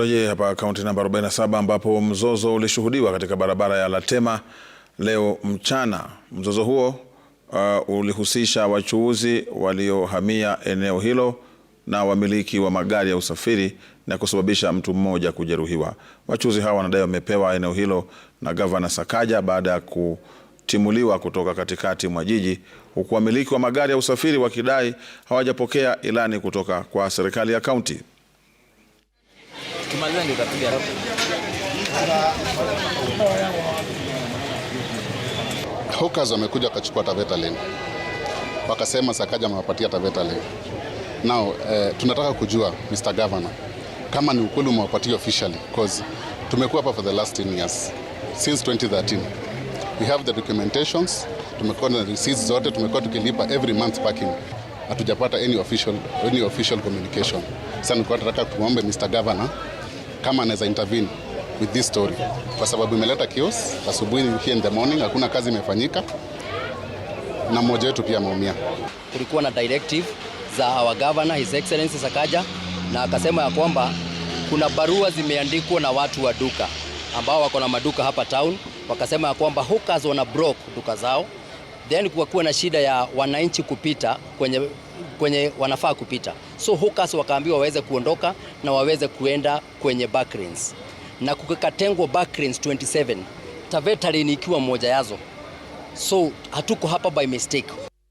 Rejea hapa kaunti namba 47 ambapo mzozo ulishuhudiwa katika barabara ya Latema leo mchana. Mzozo huo uh, ulihusisha wachuuzi waliohamia eneo hilo na wamiliki wa magari ya usafiri na kusababisha mtu mmoja kujeruhiwa. Wachuuzi hawa wanadai wamepewa eneo hilo na Gavana Sakaja baada ya kutimuliwa kutoka katikati mwa jiji, huku wamiliki wa magari ya usafiri wakidai hawajapokea ilani kutoka kwa serikali ya kaunti. Ukimaliza ndio utapiga roho. Hawkers wamekuja wakachukua Taveta Lane, wakasema Sakaja amewapatia Taveta Lane. Now eh, tunataka kujua Mr Governor kama ni ukweli umewapatia officially because tumekuwa hapa for the last 10 years since 2013 we have the documentations, tumekuwa na receipts zote, tumekuwa tukilipa every month parking, hatujapata any official, any official communication. Sasa nilikuwa nataka kumwombe Mr Governor kama anaweza intervene with this story, kwa sababu imeleta chaos asubuhi here in the morning, hakuna kazi imefanyika na mmoja wetu pia ameumia. Kulikuwa na directive za our governor his excellency Sakaja, na akasema ya kwamba kuna barua zimeandikwa na watu wa duka ambao wako na maduka hapa town, wakasema ya kwamba hookers wana broke duka zao, then kuwa na shida ya wananchi kupita kwenye kwenye wanafaa kupita. So hawkers wakaambiwa waweze kuondoka na waweze kuenda kwenye backrins na kukatengwa backrins 27 Taveta ikiwa mmoja yazo. So hatuko hapa by mistake.